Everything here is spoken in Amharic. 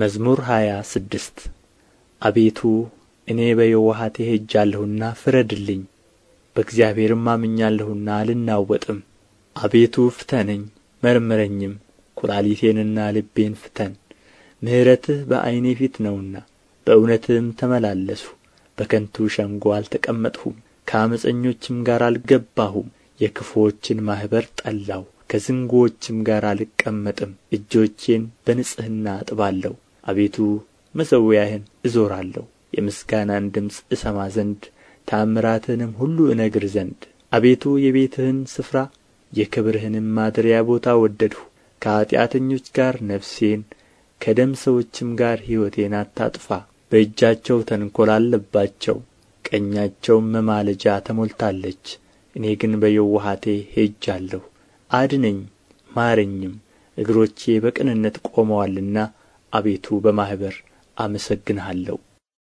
መዝሙር ሃያ ስድስት አቤቱ እኔ በየውሃቴ ሄጃለሁና ፍረድልኝ በእግዚአብሔርም አምኛለሁና አልናወጥም አቤቱ ፍተነኝ መርምረኝም ኵላሊቴንና ልቤን ፍተን ምሕረትህ በዐይኔ ፊት ነውና በእውነትህም ተመላለስሁ በከንቱ ሸንጎ አልተቀመጥሁም ከዓመፀኞችም ጋር አልገባሁም የክፉዎችን ማኅበር ጠላሁ ከዝንጉዎችም ጋር አልቀመጥም እጆቼን በንጽሕና አጥባለሁ አቤቱ መሠዊያህን እዞራለሁ የምስጋናን ድምፅ እሰማ ዘንድ ተኣምራትህንም ሁሉ እነግር ዘንድ አቤቱ የቤትህን ስፍራ የክብርህንም ማደሪያ ቦታ ወደድሁ ከኀጢአተኞች ጋር ነፍሴን ከደም ሰዎችም ጋር ሕይወቴን አታጥፋ በእጃቸው ተንኰል አለባቸው ቀኛቸውም መማለጃ ተሞልታለች እኔ ግን በየውሃቴ ሄጃለሁ አድነኝ ማረኝም እግሮቼ በቅንነት ቆመዋልና አቤቱ በማኅበር አመሰግንሃለሁ